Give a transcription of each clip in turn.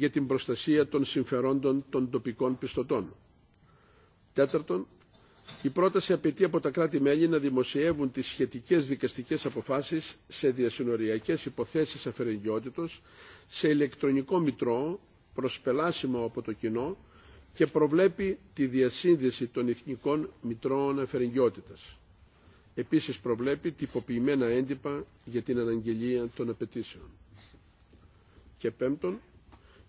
για την προστασία των συμφερόντων των τοπικών πιστωτών. Τέταρτον, η πρόταση απαιτεί από τα κράτη-μέλη να δημοσιεύουν τις σχετικές δικαστικές αποφάσεις σε διασυνοριακές υποθέσεις αφαιρεγγιότητος, σε ηλεκτρονικό μητρό, προσπελάσιμο από το κοινό και προβλέπει τη διασύνδεση των εθνικών μητρώων αφαιρεγγιότητας. Επίσης προβλέπει τυποποιημένα έντυπα για την αναγγελία των απαιτήσεων. Και πέμπτον,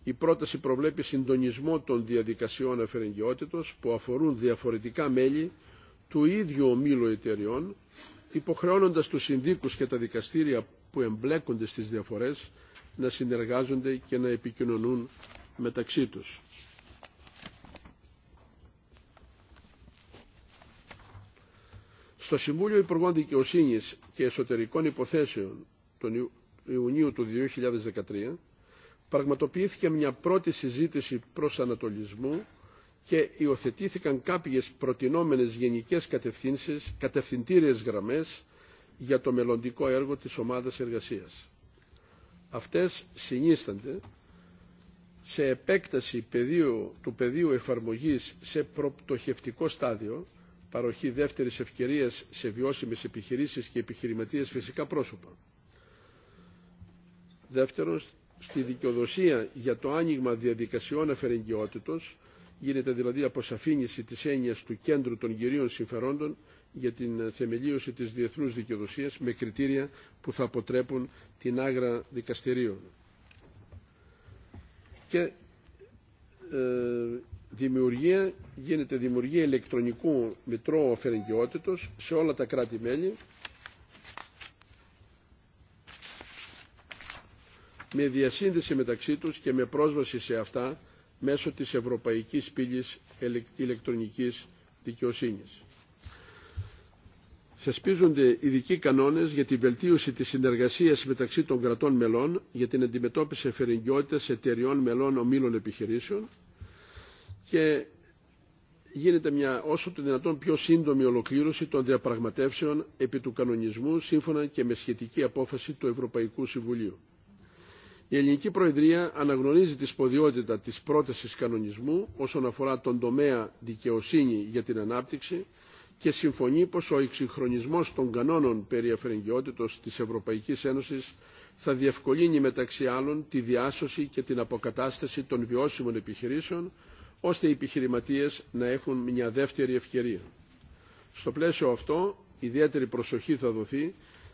η πρόταση προβλέπει συντονισμό των διαδικασιών αφαιρεγγιότητος που αφορούν διαφορετικά μέλη του ίδιου ομίλου εταιριών, υποχρεώνοντας τους συνδίκους και τα δικαστήρια που εμπλέκονται στις διαφορές να συνεργάζονται και να επικοινωνούν μεταξύ τους. Στο Συμβούλιο Υπουργών Δικαιοσύνης και Εσωτερικών Υποθέσεων τον Ιουνίου του 2013 πραγματοποιήθηκε μια πρώτη συζήτηση προς ανατολισμού και υιοθετήθηκαν κάποιες προτινόμενες γενικές κατευθύνσεις, κατευθυντήριες γραμμές για το μελλοντικό έργο της ομάδας εργασίας. Αυτές συνίστανται σε επέκταση του πεδίου εφαρμογής σε προπτωχευτικό στάδιο, παροχή δεύτερης ευκαιρίας σε βιώσιμες επιχειρήσεις και επιχειρηματίες φυσικά πρόσωπα. Δεύτερον, στη δικαιοδοσία για το άνοιγμα διαδικασιών αφαιρεγγιότητος, γίνεται δηλαδή αποσαφήνιση της έννοιας του κέντρου των κυρίων συμφερόντων για την ε, θεμελίωση της διεθνούς δικαιοδοσίας με κριτήρια που θα αποτρέπουν την άγρα δικαστηρίων. Και ε, δημιουργία, γίνεται δημιουργία ηλεκτρονικού μητρώου αφαιρεγγιότητος σε όλα τα κράτη-μέλη με διασύνδεση μεταξύ τους και με πρόσβαση σε αυτά μέσω της Ευρωπαϊκής Πύλης Ηλεκτρονικής Δικαιοσύνης. Θεσπίζονται ειδικοί κανόνες για τη βελτίωση της συνεργασίας μεταξύ των κρατών μελών για την αντιμετώπιση εφερεγγιότητας εταιριών μελών ομίλων επιχειρήσεων και γίνεται μια όσο το δυνατόν πιο σύντομη ολοκλήρωση των διαπραγματεύσεων επί του κανονισμού σύμφωνα και με σχετική απόφαση του Ευρωπαϊκού Συμβουλίου. Η Ελληνική Προεδρία αναγνωρίζει τη σποδιότητα της πρότασης κανονισμού όσον αφορά τον τομέα δικαιοσύνη για την ανάπτυξη και συμφωνεί πως ο εξυγχρονισμός των κανόνων περί αφαιρεγγιότητος της Ευρωπαϊκής Ένωσης θα διευκολύνει μεταξύ άλλων τη διάσωση και την αποκατάσταση των βιώσιμων επιχειρήσεων ώστε οι επιχειρηματίες να έχουν μια δεύτερη ευκαιρία. Στο πλαίσιο αυτό, ιδιαίτερη προσοχή θα δοθεί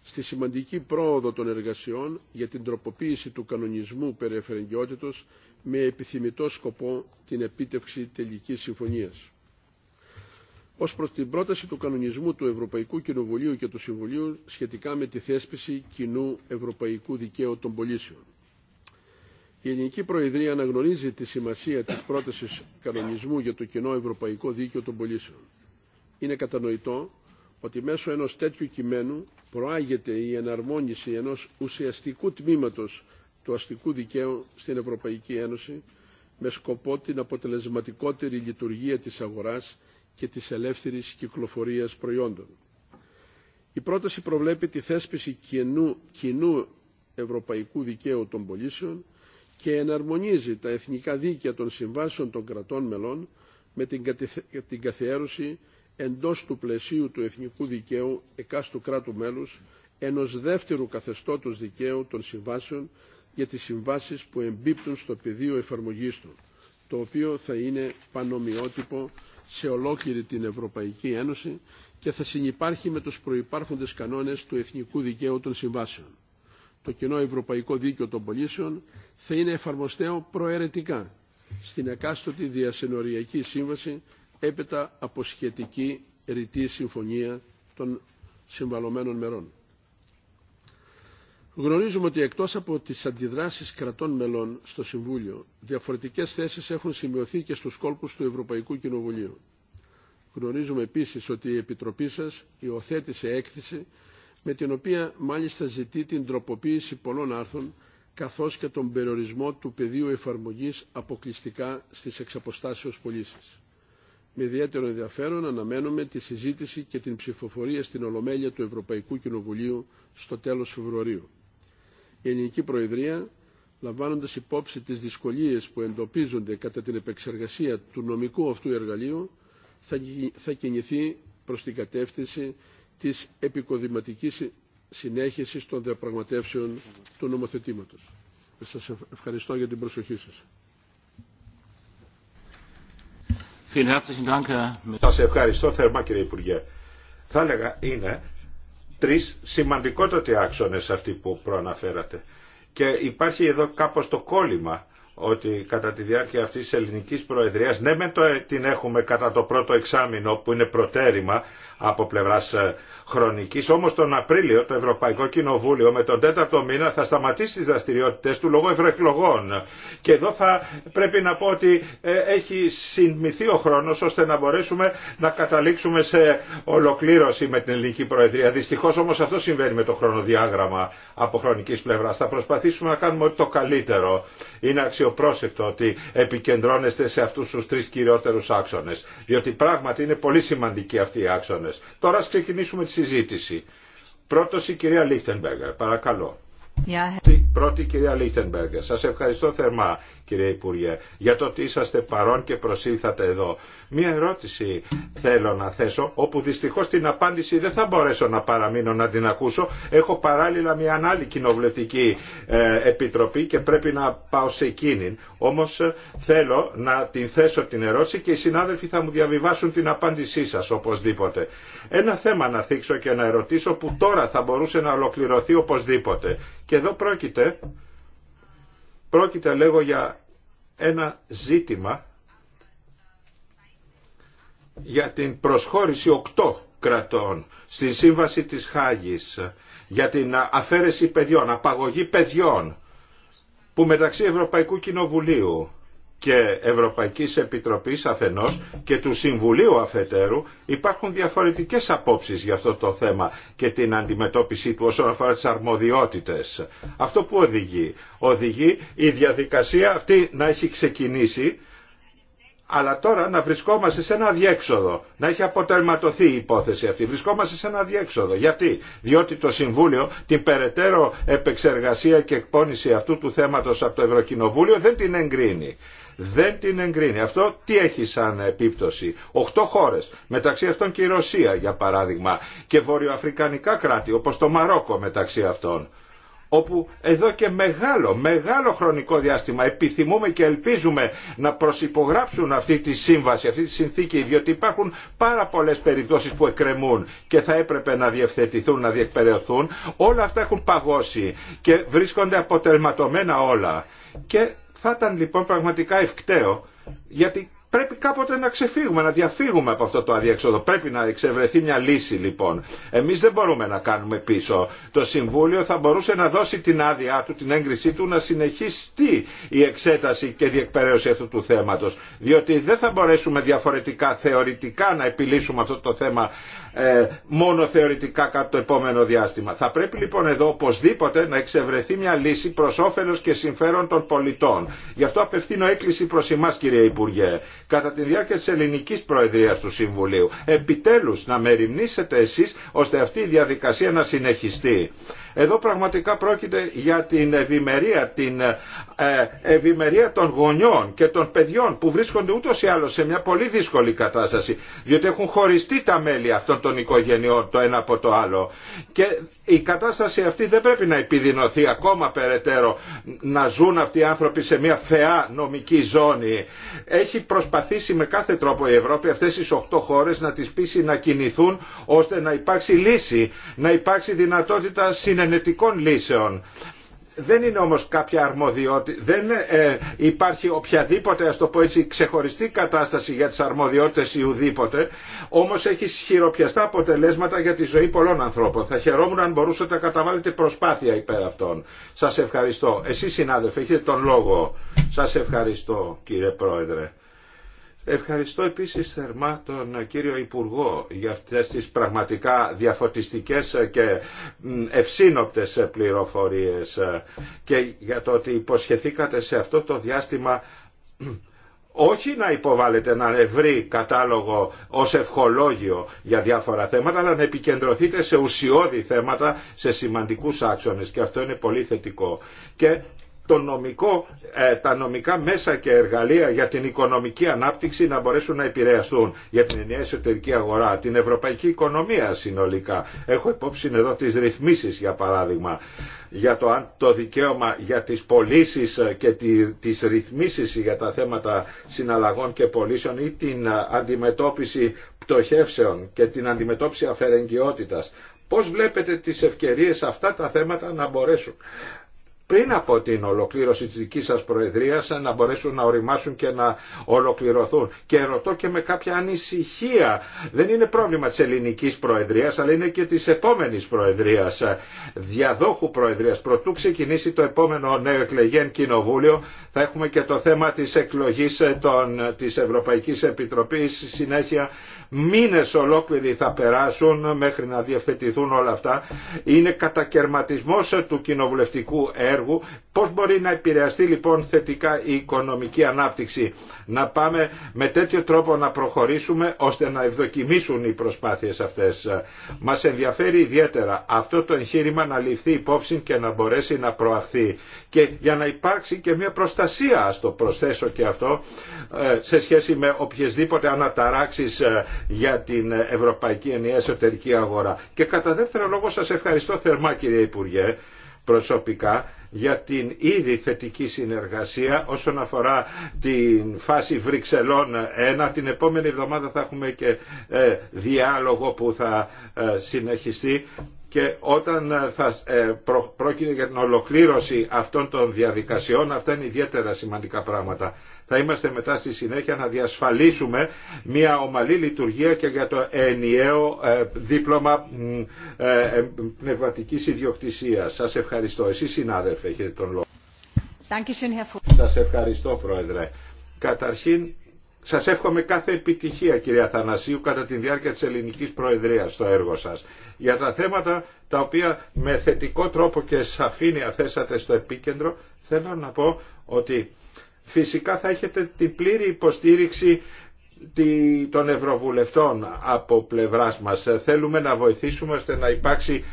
στη σημαντική πρόοδο των εργασιών για την τροποποίηση του κανονισμού περί με επιθυμητό σκοπό την επίτευξη τελικής συμφωνίας. Ως προς την πρόταση του κανονισμού του Ευρωπαϊκού Κοινοβουλίου και του Συμβουλίου σχετικά με τη θέσπιση κοινού ευρωπαϊκού δικαίου των πολίσεων. Η Ελληνική Προεδρία αναγνωρίζει τη σημασία της πρότασης κανονισμού για το κοινό ευρωπαϊκό δίκαιο των πολίσεων. Είναι κατανοητό ότι μέσω ενός τέτοιου κειμένου προάγεται η εναρμόνιση ενός ουσιαστικού τμήματος του αστικού δικαίου στην Ευρωπαϊκή Ένωση με σκοπό την αποτελεσματικότερη λειτουργία της αγοράς και της ελεύθερης κυκλοφορίας προϊόντων. Η πρόταση προβλέπει τη θέσπιση κοινού, ευρωπαϊκού δικαίου των πολίσεων και εναρμονίζει τα εθνικά δίκαια των συμβάσεων των κρατών μελών με την καθιέρωση εντός του πλαισίου του εθνικού δικαίου εκάστου κράτου μέλους ενός δεύτερου καθεστώτος δικαίου των συμβάσεων για τις συμβάσεις που εμπίπτουν στο πεδίο εφαρμογής του, το οποίο θα είναι πανομοιότυπο σε ολόκληρη την Ευρωπαϊκή Ένωση και θα συνεπάρχει με τους προϋπάρχοντες κανόνες του εθνικού δικαίου των συμβάσεων. Το κοινό ευρωπαϊκό δίκαιο των πολίσεων θα είναι εφαρμοστέο προαιρετικά στην εκάστοτη διασυνοριακή σύμβαση έπειτα από σχετική ρητή συμφωνία των συμβαλωμένων μερών. Γνωρίζουμε ότι εκτός από τις αντιδράσεις κρατών μελών στο Συμβούλιο, διαφορετικές θέσεις έχουν σημειωθεί και στους κόλπους του Ευρωπαϊκού Κοινοβουλίου. Γνωρίζουμε επίσης ότι η Επιτροπή σας υιοθέτησε έκθεση με την οποία μάλιστα ζητεί την τροποποίηση πολλών άρθρων καθώς και τον περιορισμό του πεδίου εφαρμογής αποκλειστικά στις εξαποστάσεως πωλήσει με ιδιαίτερο ενδιαφέρον αναμένουμε τη συζήτηση και την ψηφοφορία στην Ολομέλεια του Ευρωπαϊκού Κοινοβουλίου στο τέλος Φεβρουαρίου. Η Ελληνική Προεδρία, λαμβάνοντας υπόψη τις δυσκολίες που εντοπίζονται κατά την επεξεργασία του νομικού αυτού εργαλείου, θα κινηθεί προς την κατεύθυνση της επικοδηματικής συνέχισης των διαπραγματεύσεων του νομοθετήματος. Σας ευχαριστώ για την προσοχή σας. Σα ευχαριστώ θερμά κύριε Υπουργέ. Θα έλεγα είναι τρεις σημαντικότατοι άξονες αυτοί που προαναφέρατε. Και υπάρχει εδώ κάπως το κόλλημα ότι κατά τη διάρκεια αυτής της ελληνικής προεδρίας, ναι με το, ε, την έχουμε κατά το πρώτο εξάμεινο που είναι προτέρημα, από πλευράς ε, χρονικής. Όμως τον Απρίλιο το Ευρωπαϊκό Κοινοβούλιο με τον τέταρτο μήνα θα σταματήσει τις δραστηριότητες του λόγω ευρωεκλογών. Και εδώ θα πρέπει να πω ότι ε, έχει συνμηθεί ο χρόνος ώστε να μπορέσουμε να καταλήξουμε σε ολοκλήρωση με την Ελληνική Προεδρία. Δυστυχώς όμως αυτό συμβαίνει με το χρονοδιάγραμμα από χρονικής πλευράς. Θα προσπαθήσουμε να κάνουμε το καλύτερο. Είναι αξιοπρόσεκτο ότι επικεντρώνεστε σε αυτούς τους τρεις κυριότερους άξονες. Διότι πράγματι είναι πολύ σημαντικοί αυτοί οι άξονες Τώρα ας ξεκινήσουμε τη συζήτηση. Πρώτος η κυρία Λίχτενμπεργκερ. Παρακαλώ. Πρώτη κυρία Λίχτενμπεργκερ. Σας ευχαριστώ θερμά κύριε Υπουργέ για το ότι είσαστε παρόν και προσήλθατε εδώ. Μία ερώτηση θέλω να θέσω όπου δυστυχώς την απάντηση δεν θα μπορέσω να παραμείνω να την ακούσω. Έχω παράλληλα μια άλλη κοινοβουλευτική ε, επιτροπή και πρέπει να πάω σε εκείνη. Όμως ε, θέλω να την θέσω την ερώτηση και οι συνάδελφοι θα μου διαβιβάσουν την απάντησή σας οπωσδήποτε. Ένα θέμα να θίξω και να ερωτήσω που τώρα θα μπορούσε να ολοκληρωθεί οπωσδήποτε. Και εδώ πρόκειται Πρόκειται λέγω για ένα ζήτημα για την προσχώρηση οκτώ κρατών στη Σύμβαση της Χάγης για την αφαίρεση παιδιών, απαγωγή παιδιών που μεταξύ Ευρωπαϊκού Κοινοβουλίου και Ευρωπαϊκής Επιτροπής αφενός και του Συμβουλίου αφετέρου υπάρχουν διαφορετικές απόψεις για αυτό το θέμα και την αντιμετώπιση του όσον αφορά τις αρμοδιότητες. Αυτό που οδηγεί. Οδηγεί η διαδικασία αυτή να έχει ξεκινήσει αλλά τώρα να βρισκόμαστε σε ένα διέξοδο, να έχει αποτελματωθεί η υπόθεση αυτή. Βρισκόμαστε σε ένα διέξοδο. Γιατί? Διότι το Συμβούλιο την περαιτέρω επεξεργασία και εκπόνηση αυτού του θέματος από το Ευρωκοινοβούλιο δεν την εγκρίνει δεν την εγκρίνει. Αυτό τι έχει σαν επίπτωση. Οχτώ χώρε. μεταξύ αυτών και η Ρωσία για παράδειγμα και βορειοαφρικανικά κράτη όπω το Μαρόκο μεταξύ αυτών όπου εδώ και μεγάλο, μεγάλο χρονικό διάστημα επιθυμούμε και ελπίζουμε να προσυπογράψουν αυτή τη σύμβαση, αυτή τη συνθήκη, διότι υπάρχουν πάρα πολλές περιπτώσεις που εκκρεμούν και θα έπρεπε να διευθετηθούν, να διεκπαιρεωθούν. Όλα αυτά έχουν παγώσει και βρίσκονται αποτελματωμένα όλα. Και θα ήταν λοιπόν πραγματικά ευκταίο γιατί Πρέπει κάποτε να ξεφύγουμε, να διαφύγουμε από αυτό το αδιέξοδο. Πρέπει να εξευρεθεί μια λύση λοιπόν. Εμείς δεν μπορούμε να κάνουμε πίσω. Το Συμβούλιο θα μπορούσε να δώσει την άδειά του, την έγκρισή του, να συνεχιστεί η εξέταση και διεκπαιρέωση αυτού του θέματος. Διότι δεν θα μπορέσουμε διαφορετικά θεωρητικά να επιλύσουμε αυτό το θέμα ε, μόνο θεωρητικά κατά το επόμενο διάστημα. Θα πρέπει λοιπόν εδώ οπωσδήποτε να εξευρεθεί μια λύση προ όφελο και συμφέρον των πολιτών. Γι' αυτό απευθύνω έκκληση προ εμά κύριε Υπουργέ κατά τη διάρκεια της ελληνικής προεδρίας του Συμβουλίου. Επιτέλους να μεριμνήσετε εσείς ώστε αυτή η διαδικασία να συνεχιστεί. Εδώ πραγματικά πρόκειται για την ευημερία, την ε, ευημερία των γονιών και των παιδιών που βρίσκονται ούτως ή άλλως σε μια πολύ δύσκολη κατάσταση διότι έχουν χωριστεί τα μέλη αυτών των οικογενειών το ένα από το άλλο και η κατάσταση αυτή δεν πρέπει να επιδεινωθεί ακόμα περαιτέρω να ζουν αυτοί οι άνθρωποι σε μια θεά νομική ζώνη. Έχει προσπαθήσει με κάθε τρόπο η Ευρώπη αυτές τις 8 χώρες να τις πείσει να κινηθούν ώστε να υπάρξει λύση, να υπάρξει δυνατότητα συνεννοήσεων ενετικών λύσεων. Δεν είναι όμως κάποια αρμοδιότητα, δεν ε, υπάρχει οποιαδήποτε, ας το πω έτσι, ξεχωριστή κατάσταση για τις αρμοδιότητες ή ουδήποτε, όμως έχει χειροπιαστά αποτελέσματα για τη ζωή πολλών ανθρώπων. Θα χαιρόμουν αν μπορούσατε να καταβάλλετε προσπάθεια υπέρ αυτών. Σας ευχαριστώ. Εσείς συνάδελφοι έχετε τον λόγο. Σας ευχαριστώ κύριε Πρόεδρε. Ευχαριστώ επίσης θερμά τον κύριο Υπουργό για αυτές τις πραγματικά διαφωτιστικές και ευσύνοπτες πληροφορίες και για το ότι υποσχεθήκατε σε αυτό το διάστημα όχι να υποβάλλετε ένα ευρύ κατάλογο ως ευχολόγιο για διάφορα θέματα, αλλά να επικεντρωθείτε σε ουσιώδη θέματα, σε σημαντικούς άξονες και αυτό είναι πολύ θετικό το ε, τα νομικά μέσα και εργαλεία για την οικονομική ανάπτυξη να μπορέσουν να επηρεαστούν για την ενιαία εσωτερική αγορά, την ευρωπαϊκή οικονομία συνολικά. Έχω υπόψη εδώ τις ρυθμίσεις για παράδειγμα για το το δικαίωμα για τις πωλήσει ε, και τις ρυθμίσεις για τα θέματα συναλλαγών και πωλήσεων ή την ε, αντιμετώπιση πτωχεύσεων και την αντιμετώπιση αφαιρεγγιότητας. Πώς βλέπετε τις ευκαιρίες αυτά τα θέματα να μπορέσουν πριν από την ολοκλήρωση της δικής σας προεδρίας να μπορέσουν να οριμάσουν και να ολοκληρωθούν. Και ρωτώ και με κάποια ανησυχία. Δεν είναι πρόβλημα της ελληνικής προεδρίας αλλά είναι και της επόμενης προεδρίας. Ε, διαδόχου προεδρίας. Προτού ξεκινήσει το επόμενο νέο εκλεγέν κοινοβούλιο θα έχουμε και το θέμα της εκλογής ε, των, της Ευρωπαϊκής Επιτροπής. Συνέχεια μήνες ολόκληροι θα περάσουν μέχρι να διευθετηθούν όλα αυτά. Είναι κατακαιρματισμός ε, του κοινοβουλευτικού έργου έργου. Πώς μπορεί να επηρεαστεί λοιπόν θετικά η οικονομική ανάπτυξη. Να πάμε με τέτοιο τρόπο να προχωρήσουμε ώστε να ευδοκιμήσουν οι προσπάθειες αυτές. Μας ενδιαφέρει ιδιαίτερα αυτό το εγχείρημα να ληφθεί υπόψη και να μπορέσει να προαχθεί. Και για να υπάρξει και μια προστασία, ας το προσθέσω και αυτό, ε, σε σχέση με οποιασδήποτε αναταράξεις ε, για την Ευρωπαϊκή Ενιαία Εσωτερική Αγορά. Και κατά δεύτερο λόγο σας ευχαριστώ θερμά κύριε Υπουργέ προσωπικά για την ήδη θετική συνεργασία όσον αφορά την φάση Βρυξελών 1. Την επόμενη εβδομάδα θα έχουμε και ε, διάλογο που θα ε, συνεχιστεί και όταν ε, θα πρόκειται για την ολοκλήρωση αυτών των διαδικασιών αυτά είναι ιδιαίτερα σημαντικά πράγματα θα είμαστε μετά στη συνέχεια να διασφαλίσουμε μια ομαλή λειτουργία και για το ενιαίο ε, δίπλωμα ε, ε, πνευματικής ιδιοκτησίας. Σας ευχαριστώ. Εσείς συνάδελφε έχετε τον λόγο. Σας ευχαριστώ Πρόεδρε. Καταρχήν σας εύχομαι κάθε επιτυχία κυρία Θανασίου κατά τη διάρκεια της ελληνικής προεδρίας στο έργο σας. Για τα θέματα τα οποία με θετικό τρόπο και σαφήνεια θέσατε στο επίκεντρο θέλω να πω ότι φυσικά θα έχετε την πλήρη υποστήριξη των Ευρωβουλευτών από πλευράς μας. Θέλουμε να βοηθήσουμε ώστε να υπάρξει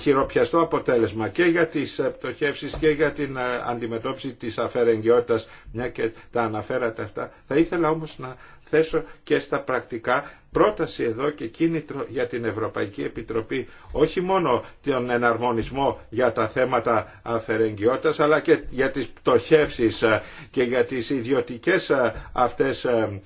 χειροπιαστό αποτέλεσμα και για τις πτωχεύσεις και για την ε, αντιμετώπιση της αφαιρεγγιότητας, μια και τα αναφέρατε αυτά. Θα ήθελα όμως να θέσω και στα πρακτικά πρόταση εδώ και κίνητρο για την Ευρωπαϊκή Επιτροπή όχι μόνο τον εναρμονισμό για τα θέματα αφαιρεγγιότητας αλλά και για τις πτωχεύσεις ε, και για τις ιδιωτικές ε, αυτές ε,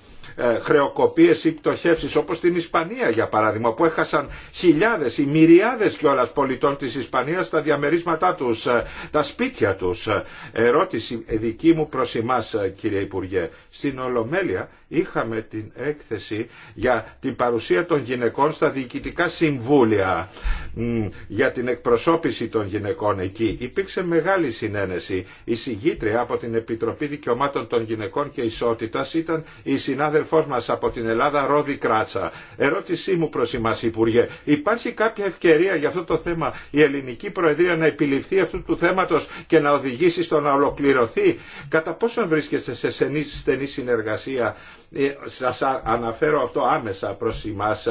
χρεοκοπίες ή πτωχεύσεις όπως στην Ισπανία για παράδειγμα που έχασαν χιλιάδες ή μυριάδες κιόλας πολιτών της Ισπανίας τα διαμερίσματά τους, τα σπίτια τους. Ερώτηση δική μου προς εμάς κύριε Υπουργέ. Στην Ολομέλεια είχαμε με την έκθεση για την παρουσία των γυναικών στα διοικητικά συμβούλια για την εκπροσώπηση των γυναικών εκεί. Υπήρξε μεγάλη συνένεση. Η συγγήτρια από την Επιτροπή Δικαιωμάτων των Γυναικών και Ισότητας ήταν η συνάδελφός μας από την Ελλάδα Ρόδη Κράτσα. Ερώτησή μου προς εμάς Υπουργέ. Υπάρχει κάποια ευκαιρία για αυτό το θέμα η Ελληνική Προεδρία να επιληφθεί αυτού του θέματος και να οδηγήσει στο να ολοκληρωθεί. Κατά πόσον βρίσκεστε σε στενή συνεργασία ε, σας αναφέρω αυτό άμεσα προς εμάς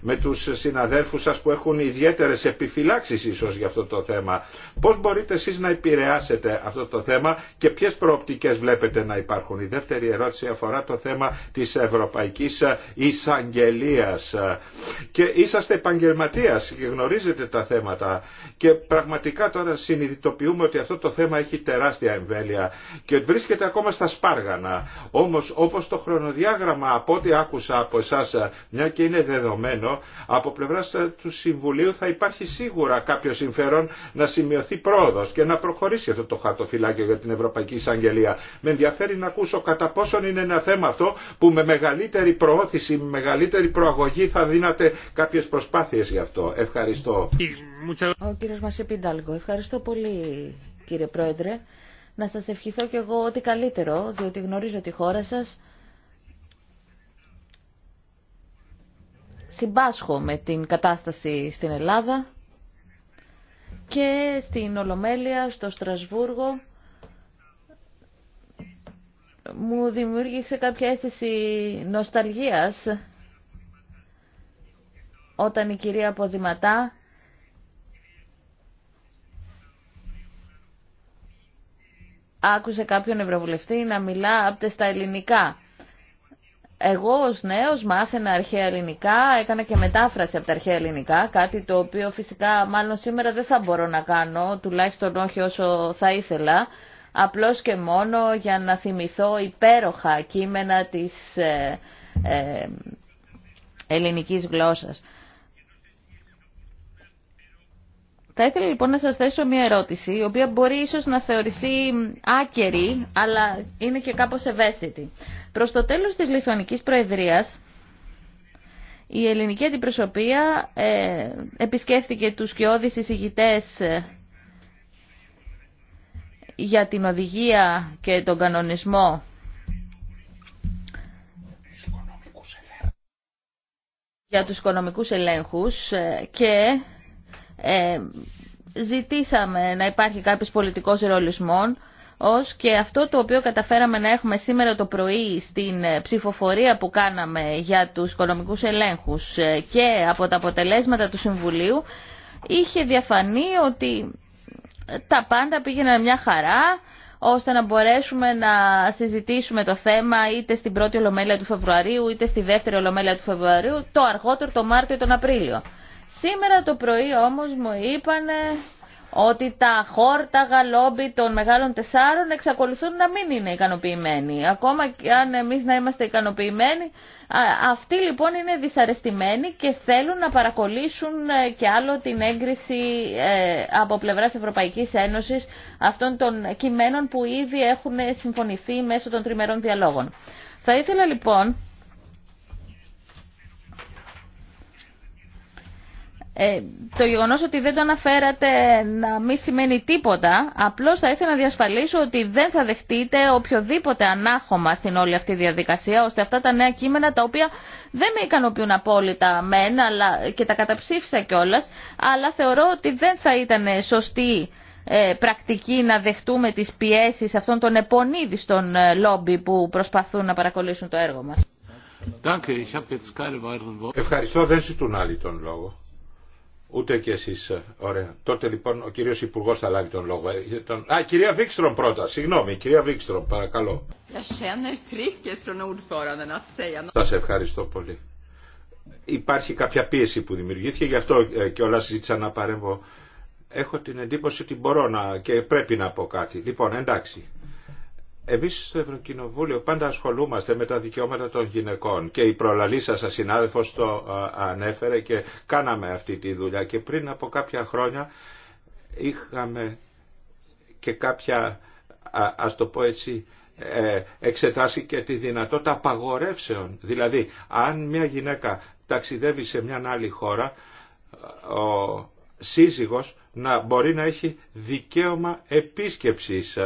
με τους συναδέλφους σας που έχουν ιδιαίτερες επιφυλάξεις ίσως για αυτό το θέμα. Πώς μπορείτε εσείς να επηρεάσετε αυτό το θέμα και ποιες προοπτικές βλέπετε να υπάρχουν. Η δεύτερη ερώτηση αφορά το θέμα της Ευρωπαϊκής εισαγγελία. Και είσαστε επαγγελματίας και γνωρίζετε τα θέματα και πραγματικά τώρα συνειδητοποιούμε ότι αυτό το θέμα έχει τεράστια εμβέλεια και βρίσκεται ακόμα στα σπάργανα. Όμως όπως το χρονοδιάγραμμα πρόγραμμα από ό,τι άκουσα από εσά, μια και είναι δεδομένο, από πλευρά ε, του Συμβουλίου θα υπάρχει σίγουρα κάποιο συμφέρον να σημειωθεί πρόοδο και να προχωρήσει αυτό το χαρτοφυλάκιο για την Ευρωπαϊκή Εισαγγελία. Με ενδιαφέρει να ακούσω κατά πόσον είναι ένα θέμα αυτό που με μεγαλύτερη προώθηση, με μεγαλύτερη προαγωγή θα δίνατε κάποιε προσπάθειε γι' αυτό. Ευχαριστώ. Ο κύριο Μασεπίνταλγο, ευχαριστώ πολύ κύριε Πρόεδρε. Να σας ευχηθώ και εγώ ό,τι καλύτερο, διότι γνωρίζω τη χώρα σας συμπάσχω με την κατάσταση στην Ελλάδα και στην Ολομέλεια, στο Στρασβούργο. Μου δημιούργησε κάποια αίσθηση νοσταλγίας όταν η κυρία Ποδηματά άκουσε κάποιον ευρωβουλευτή να μιλά από τα ελληνικά εγώ ως νέος μάθαινα αρχαία ελληνικά, έκανα και μετάφραση από τα αρχαία ελληνικά, κάτι το οποίο φυσικά μάλλον σήμερα δεν θα μπορώ να κάνω, τουλάχιστον όχι όσο θα ήθελα, απλώς και μόνο για να θυμηθώ υπέροχα κείμενα της ε, ε, ελληνικής γλώσσας. Θα ήθελα λοιπόν να σας θέσω μια ερώτηση, η οποία μπορεί ίσως να θεωρηθεί άκερη, αλλά είναι και κάπως ευαίσθητη. Προς το τέλος της Λιθουανικής Προεδρίας, η ελληνική αντιπροσωπεία ε, επισκέφθηκε τους σκιώδεις εισηγητές ε, για την οδηγία και τον κανονισμό για τους οικονομικούς ελέγχους ε, και ε, ζητήσαμε να υπάρχει κάποιος πολιτικός ρολισμό ως και αυτό το οποίο καταφέραμε να έχουμε σήμερα το πρωί στην ε, ψηφοφορία που κάναμε για τους οικονομικούς ελέγχους ε, και από τα αποτελέσματα του Συμβουλίου είχε διαφανεί ότι τα πάντα πήγαιναν μια χαρά ώστε να μπορέσουμε να συζητήσουμε το θέμα είτε στην πρώτη ολομέλεια του Φεβρουαρίου είτε στη δεύτερη ολομέλεια του Φεβρουαρίου το αργότερο το Μάρτιο ή τον Απρίλιο. Σήμερα το πρωί όμως μου είπανε ότι τα χόρταγα λόμπι των μεγάλων τεσσάρων εξακολουθούν να μην είναι ικανοποιημένοι. Ακόμα και αν εμείς να είμαστε ικανοποιημένοι, αυτοί λοιπόν είναι δυσαρεστημένοι και θέλουν να παρακολύσουν ε, και άλλο την έγκριση ε, από πλευράς Ευρωπαϊκής Ένωσης αυτών των κειμένων που ήδη έχουν συμφωνηθεί μέσω των τριμερών διαλόγων. Θα ήθελα λοιπόν Ε, το γεγονό ότι δεν το αναφέρατε να μην σημαίνει τίποτα, Απλώ θα ήθελα να διασφαλίσω ότι δεν θα δεχτείτε οποιοδήποτε ανάχωμα στην όλη αυτή διαδικασία, ώστε αυτά τα νέα κείμενα τα οποία δεν με ικανοποιούν απόλυτα μεν αλλά και τα καταψήφισα κιόλα, αλλά θεωρώ ότι δεν θα ήταν σωστή ε, πρακτική να δεχτούμε τι πιέσει αυτών των επωνίδιστων ε, λόμπι που προσπαθούν να παρακολουθήσουν το έργο μα. Ευχαριστώ, δεν ζητούν άλλοι τον λόγο. Ούτε και εσεί Ωραία. Τότε λοιπόν ο κύριος Υπουργό θα λάβει τον λόγο. Ε, Α, κυρία Βίξτρομ πρώτα. Συγγνώμη, κυρία Βίξτρομ, παρακαλώ. σα ευχαριστώ πολύ. Υπάρχει κάποια πίεση που δημιουργήθηκε, γι' αυτό ε, και όλα συζήτησα να παρέμβω. Έχω την εντύπωση ότι μπορώ να και πρέπει να πω κάτι. Λοιπόν, εντάξει. Εμείς στο Ευρωκοινοβούλιο πάντα ασχολούμαστε με τα δικαιώματα των γυναικών και η προλαλή σας συνάδελφο το ανέφερε και κάναμε αυτή τη δουλειά και πριν από κάποια χρόνια είχαμε και κάποια, α το πω έτσι, ε, εξετάσει και τη δυνατότητα απαγορεύσεων. Δηλαδή, αν μια γυναίκα ταξιδεύει σε μια άλλη χώρα, σύζυγος να μπορεί να έχει δικαίωμα επίσκεψης.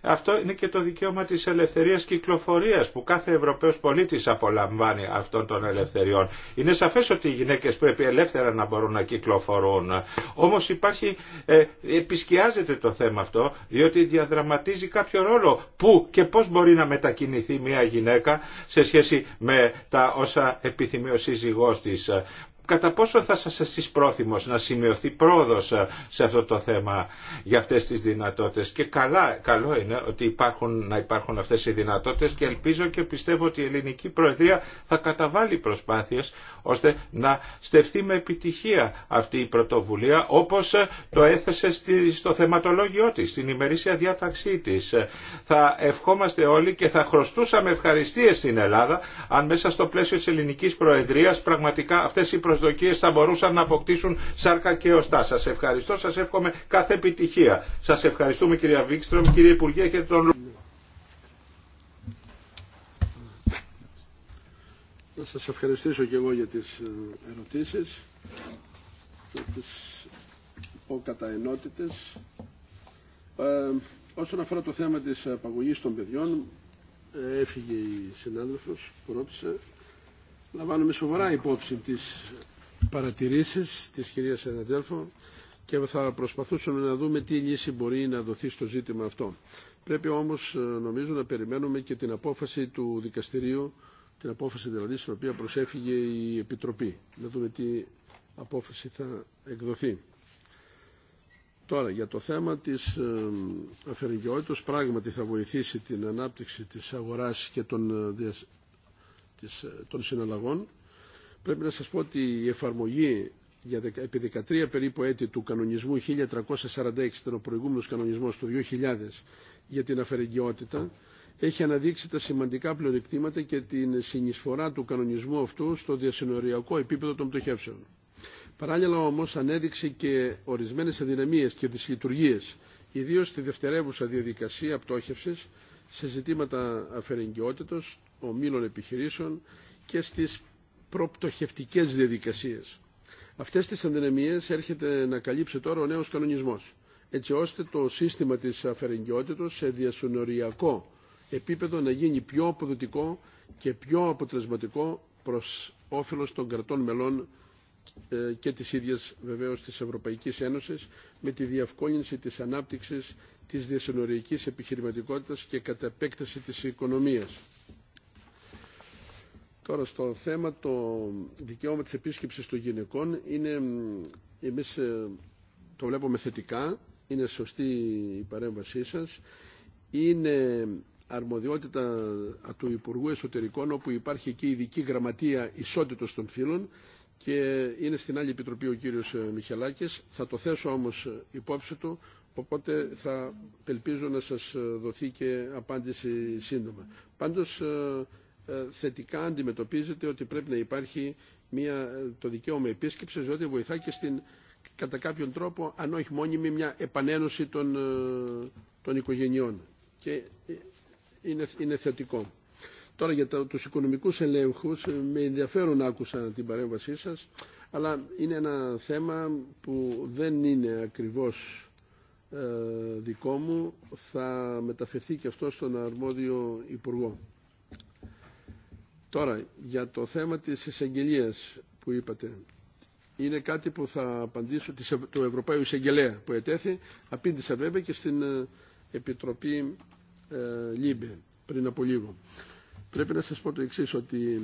Αυτό είναι και το δικαίωμα της ελευθερίας κυκλοφορίας που κάθε Ευρωπαίος πολίτης απολαμβάνει αυτών των ελευθεριών. Είναι σαφές ότι οι γυναίκες πρέπει ελεύθερα να μπορούν να κυκλοφορούν. Όμως υπάρχει, ε, επισκιάζεται το θέμα αυτό διότι διαδραματίζει κάποιο ρόλο που και πώς μπορεί να μετακινηθεί μια γυναίκα σε σχέση με τα όσα επιθυμεί ο σύζυγός της κατά πόσο θα σας εσείς πρόθυμος να σημειωθεί πρόοδος ε, σε αυτό το θέμα για αυτές τις δυνατότητες και καλά, καλό είναι ότι υπάρχουν, να υπάρχουν αυτές οι δυνατότητες και ελπίζω και πιστεύω ότι η Ελληνική Προεδρία θα καταβάλει προσπάθειες ώστε να στεφθεί με επιτυχία αυτή η πρωτοβουλία όπως ε, το έθεσε στο θεματολόγιο της, στην ημερήσια διάταξή της. Θα ευχόμαστε όλοι και θα χρωστούσαμε ευχαριστίες στην Ελλάδα αν μέσα στο πλαίσιο της Ελληνικής Προεδρίας πραγματικά αυτές οι προσδοκίες θα μπορούσαν να αποκτήσουν σάρκα και οστά. Σας ευχαριστώ, σας εύχομαι κάθε επιτυχία. Σας ευχαριστούμε κυρία Βίξτρομ, κύριε Υπουργέ και τον λόγο. Να σας ευχαριστήσω και εγώ για τις ε, ερωτήσεις και τις υποκαταενότητες. Ε, όσον αφορά το θέμα της απαγωγής των παιδιών, ε, έφυγε η συνάδελφος που ρώτησε λαμβάνουμε σοβαρά υπόψη τις παρατηρήσεις της κυρίας Εναντέλφου και θα προσπαθούσαμε να δούμε τι λύση μπορεί να δοθεί στο ζήτημα αυτό. Πρέπει όμως ε, νομίζω να περιμένουμε και την απόφαση του δικαστηρίου, την απόφαση δηλαδή στην οποία προσέφυγε η Επιτροπή. Να δούμε τι απόφαση θα εκδοθεί. Τώρα, για το θέμα της ε, αφαιρεγγιότητας πράγματι θα βοηθήσει την ανάπτυξη της αγοράς και των ε, ε, των συναλλαγών. Πρέπει να σας πω ότι η εφαρμογή για, επί 13 περίπου έτη του κανονισμού 1346, ήταν ο προηγούμενος κανονισμός του 2000 για την αφαιρεγγιότητα, έχει αναδείξει τα σημαντικά πλεονεκτήματα και την συνεισφορά του κανονισμού αυτού στο διασυνοριακό επίπεδο των πτωχεύσεων. Παράλληλα όμως ανέδειξε και ορισμένες αδυναμίες και δυσλειτουργίες, ιδίως στη δευτερεύουσα διαδικασία πτώχευσης σε ζητήματα αφαιρεγγιότητος, ομίλων επιχειρήσεων και στις προπτωχευτικές διαδικασίες. Αυτές τις ανδυναμίες έρχεται να καλύψει τώρα ο νέος κανονισμός, έτσι ώστε το σύστημα της αφαιρεγγιότητας σε διασυνοριακό επίπεδο να γίνει πιο αποδοτικό και πιο αποτελεσματικό προς όφελος των κρατών μελών ε, και της ίδιας βεβαίως της Ευρωπαϊκής Ένωσης με τη διευκόλυνση της ανάπτυξης της διασυνοριακής επιχειρηματικότητας και κατά επέκταση της οικονομίας. Τώρα στο θέμα το δικαίωμα της επίσκεψης των γυναικών είναι, εμείς ε, το βλέπουμε θετικά, είναι σωστή η παρέμβασή σας, είναι αρμοδιότητα του Υπουργού Εσωτερικών όπου υπάρχει και ειδική γραμματεία ισότητος των φύλων και είναι στην άλλη επιτροπή ο κύριος ε, Μιχελάκης. Θα το θέσω όμως ε, υπόψη του, οπότε θα ελπίζω να σας δοθεί και απάντηση σύντομα. Πάντως ε, θετικά αντιμετωπίζεται ότι πρέπει να υπάρχει μια, ε, το δικαίωμα επίσκεψης διότι βοηθά και στην κατά κάποιον τρόπο αν όχι μόνιμη μια επανένωση των, ε, των οικογενειών και είναι, είναι θετικό. Τώρα για τους οικονομικούς ελέγχους με ενδιαφέρον άκουσα την παρέμβασή σας αλλά είναι ένα θέμα που δεν είναι ακριβώς δικό μου θα μεταφερθεί και αυτό στον αρμόδιο Υπουργό. Τώρα, για το θέμα της εισαγγελία που είπατε, είναι κάτι που θα απαντήσω του Ευρωπαίου Εισαγγελέα που ετέθη, απήντησα βέβαια και στην ε, Επιτροπή ε, πριν από λίγο. Πρέπει να σας πω το εξής, ότι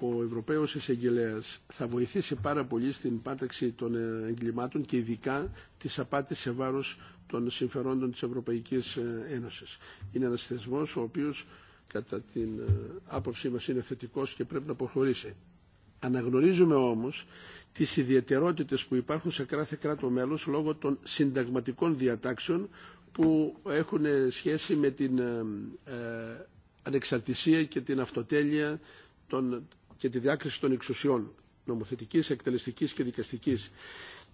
ο Ευρωπαίος εισαγγελέα θα βοηθήσει πάρα πολύ στην πάταξη των ε, εγκλημάτων και ειδικά της απάτης σε βάρος των συμφερόντων της Ευρωπαϊκής ε, Ένωσης. Είναι ένας θεσμός ο οποίος κατά την ε, άποψή μας είναι θετικός και πρέπει να προχωρήσει. Αναγνωρίζουμε όμως τις ιδιαιτερότητες που υπάρχουν σε κάθε κράτο μέλος λόγω των συνταγματικών διατάξεων που έχουν σχέση με την ε, ε, ανεξαρτησία και την αυτοτέλεια και τη διάκριση των εξουσιών νομοθετικής, εκτελεστικής και δικαστικής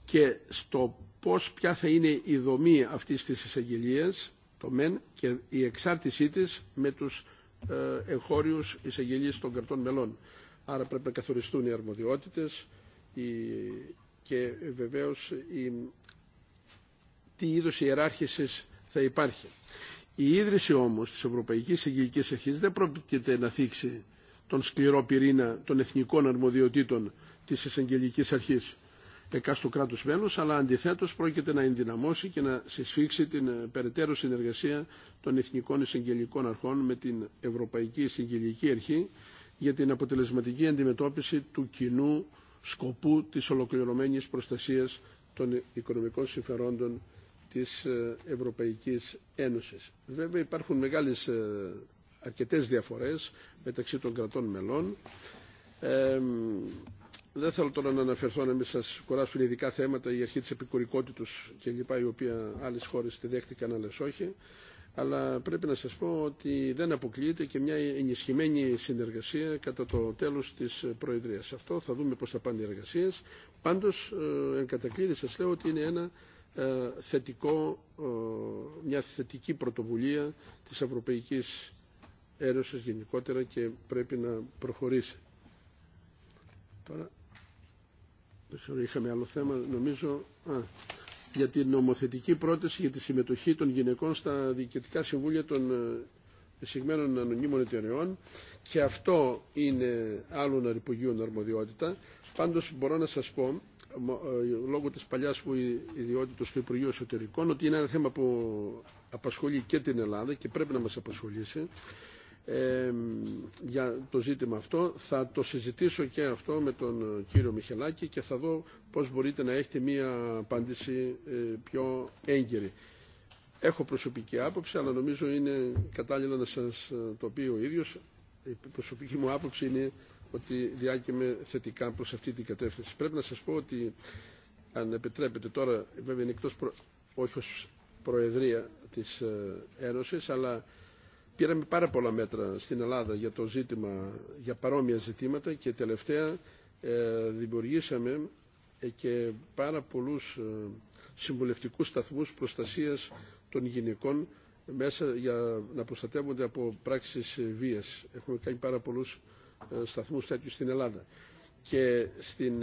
και στο πώς ποια θα είναι η δομή αυτής της εισαγγελίας το ΜΕΝ και η εξάρτησή της με τους ε, εγχώριους εισαγγελίε των κρατών μελών. Άρα πρέπει να καθοριστούν οι αρμοδιότητες και βεβαίως τι είδους ιεράρχησης θα υπάρχει. Η ίδρυση όμως της Ευρωπαϊκής Εγγυητικής Αρχής δεν πρόκειται να θίξει τον σκληρό πυρήνα των εθνικών αρμοδιοτήτων της εισαγγελικής αρχής εκάστου κράτους μέλους, αλλά αντιθέτως πρόκειται να ενδυναμώσει και να συσφίξει την ε, περαιτέρω συνεργασία των εθνικών εισαγγελικών αρχών με την Ευρωπαϊκή Εισαγγελική Αρχή για την αποτελεσματική αντιμετώπιση του κοινού σκοπού της ολοκληρωμένης προστασίας των οικονομικών συμφερόντων της ε, Ευρωπαϊκής Ένωσης. Βέβαια υπάρχουν μεγάλες ε, αρκετές διαφορές μεταξύ των κρατών μελών. Δεν θέλω τώρα να αναφερθώ να μην σα κουράσουν ειδικά θέματα, η αρχή τη επικουρικότητα κλπ. η οποία άλλε χώρε τη δέχτηκαν, άλλε όχι. Αλλά πρέπει να σα πω ότι δεν αποκλείεται και μια ενισχυμένη συνεργασία κατά το τέλο τη Προεδρία. Αυτό θα δούμε πώ θα πάνε οι εργασίε. Πάντως, ε, εν κατακλείδη σας λέω ότι είναι ένα ε, θετικό, ε, μια θετική πρωτοβουλία της Ευρωπαϊκής Ένωση γενικότερα και πρέπει να προχωρήσει. Τώρα, ε, είχαμε άλλο θέμα, νομίζω, για την νομοθετική πρόταση για τη συμμετοχή των γυναικών στα διοικητικά συμβούλια των ε, εισηγμένων ανωνύμων εταιρεών και αυτό είναι άλλων αρυπογείων αρμοδιότητα. Πάντως μπορώ να σας πω, ε, λόγω της παλιάς μου ιδιότητας του Υπουργείου Εσωτερικών, ότι είναι ένα θέμα που απασχολεί και την Ελλάδα και πρέπει να μας απασχολήσει για το ζήτημα αυτό. Θα το συζητήσω και αυτό με τον κύριο Μιχελάκη και θα δω πώς μπορείτε να έχετε μία απάντηση ε, πιο έγκαιρη. Έχω προσωπική άποψη, αλλά νομίζω είναι κατάλληλο να σας ε, το πει ο ίδιος. Η προσωπική μου άποψη είναι ότι διάκεμε θετικά προς αυτή την κατεύθυνση. Πρέπει να σας πω ότι, αν επιτρέπετε τώρα, βέβαια είναι εκτός, όχι ως Προεδρία της ε, Ένωσης, αλλά Πήραμε πάρα πολλά μέτρα στην Ελλάδα για το ζήτημα, για παρόμοια ζητήματα και τελευταία ε, δημιουργήσαμε ε, και πάρα πολλούς ε, συμβουλευτικούς σταθμούς προστασίας των γυναικών μέσα για να προστατεύονται από πράξεις βίας. Έχουμε κάνει πάρα πολλούς σταθμούς τέτοιους στην Ελλάδα. Και στην,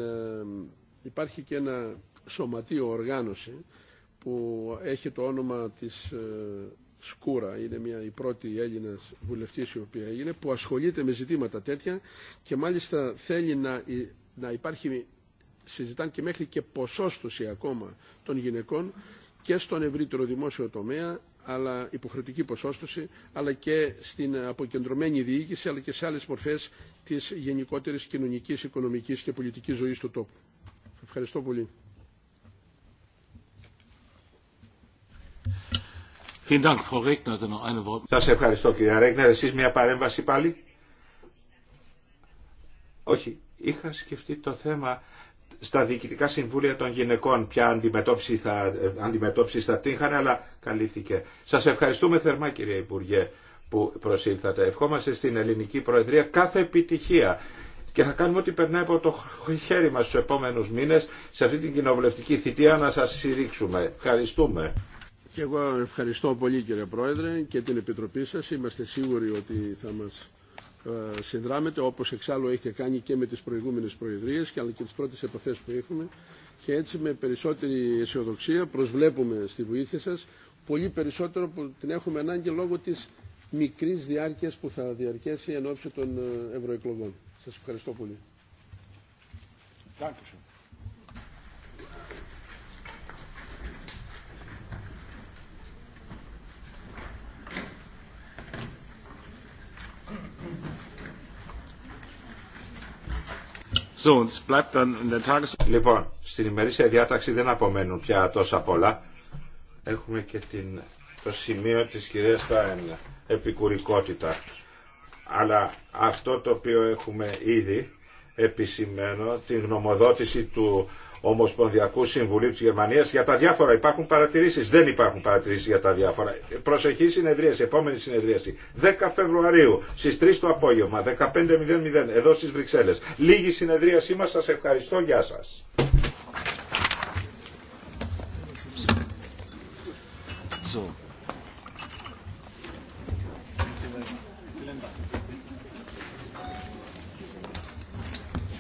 υπάρχει και ένα σωματείο οργάνωση που έχει το όνομα της Σκούρα είναι μια, η πρώτη Έλληνα βουλευτή η οποία έγινε, που ασχολείται με ζητήματα τέτοια και μάλιστα θέλει να, να υπάρχει, συζητάνε και μέχρι και ποσόστοση ακόμα των γυναικών και στον ευρύτερο δημόσιο τομέα, αλλά υποχρεωτική ποσόστοση, αλλά και στην αποκεντρωμένη διοίκηση, αλλά και σε άλλες μορφές της γενικότερης κοινωνικής, οικονομικής και πολιτικής ζωής του τόπου. Ευχαριστώ πολύ. Er σας ευχαριστώ κύριε Ρέγνερ. Εσείς μια παρέμβαση πάλι. Όχι, είχα σκεφτεί το θέμα στα διοικητικά συμβούλια των γυναικών ποια αντιμετώπιση θα, αντιμετώπιση τύχαν, αλλά καλύφθηκε. Σας ευχαριστούμε θερμά κύριε Υπουργέ που προσήλθατε. Ευχόμαστε στην Ελληνική Προεδρία κάθε επιτυχία και θα κάνουμε ό,τι περνάει από το χέρι μας στους επόμενους μήνες σε αυτή την κοινοβουλευτική θητεία να σας συρρήξουμε. Ευχαριστούμε. Και εγώ ευχαριστώ πολύ κύριε Πρόεδρε και την Επιτροπή σας. Είμαστε σίγουροι ότι θα μας ε, συνδράμετε όπως εξάλλου έχετε κάνει και με τις προηγούμενες προεδρίες αλλά και τις πρώτες επαφές που έχουμε και έτσι με περισσότερη αισιοδοξία προσβλέπουμε στη βοήθεια σας πολύ περισσότερο που την έχουμε ανάγκη λόγω της μικρής διάρκειας που θα διαρκέσει εν ώψη των ε, ευρωεκλογών. Σας ευχαριστώ πολύ. Λοιπόν, στην ημερήσια διάταξη δεν απομένουν πια τόσα πολλά. Έχουμε και την, το σημείο της κυρίας Στάιν, επικουρικότητα. Αλλά αυτό το οποίο έχουμε ήδη επισημαίνω την γνωμοδότηση του Ομοσπονδιακού Συμβουλίου της Γερμανίας για τα διάφορα. Υπάρχουν παρατηρήσεις, δεν υπάρχουν παρατηρήσεις για τα διάφορα. Προσεχή συνεδρίαση, επόμενη συνεδρίαση, 10 Φεβρουαρίου στις 3 το απόγευμα, 15.00 εδώ στις Βρυξέλλες. Λίγη συνεδρίασή μας, σας ευχαριστώ, γεια σας.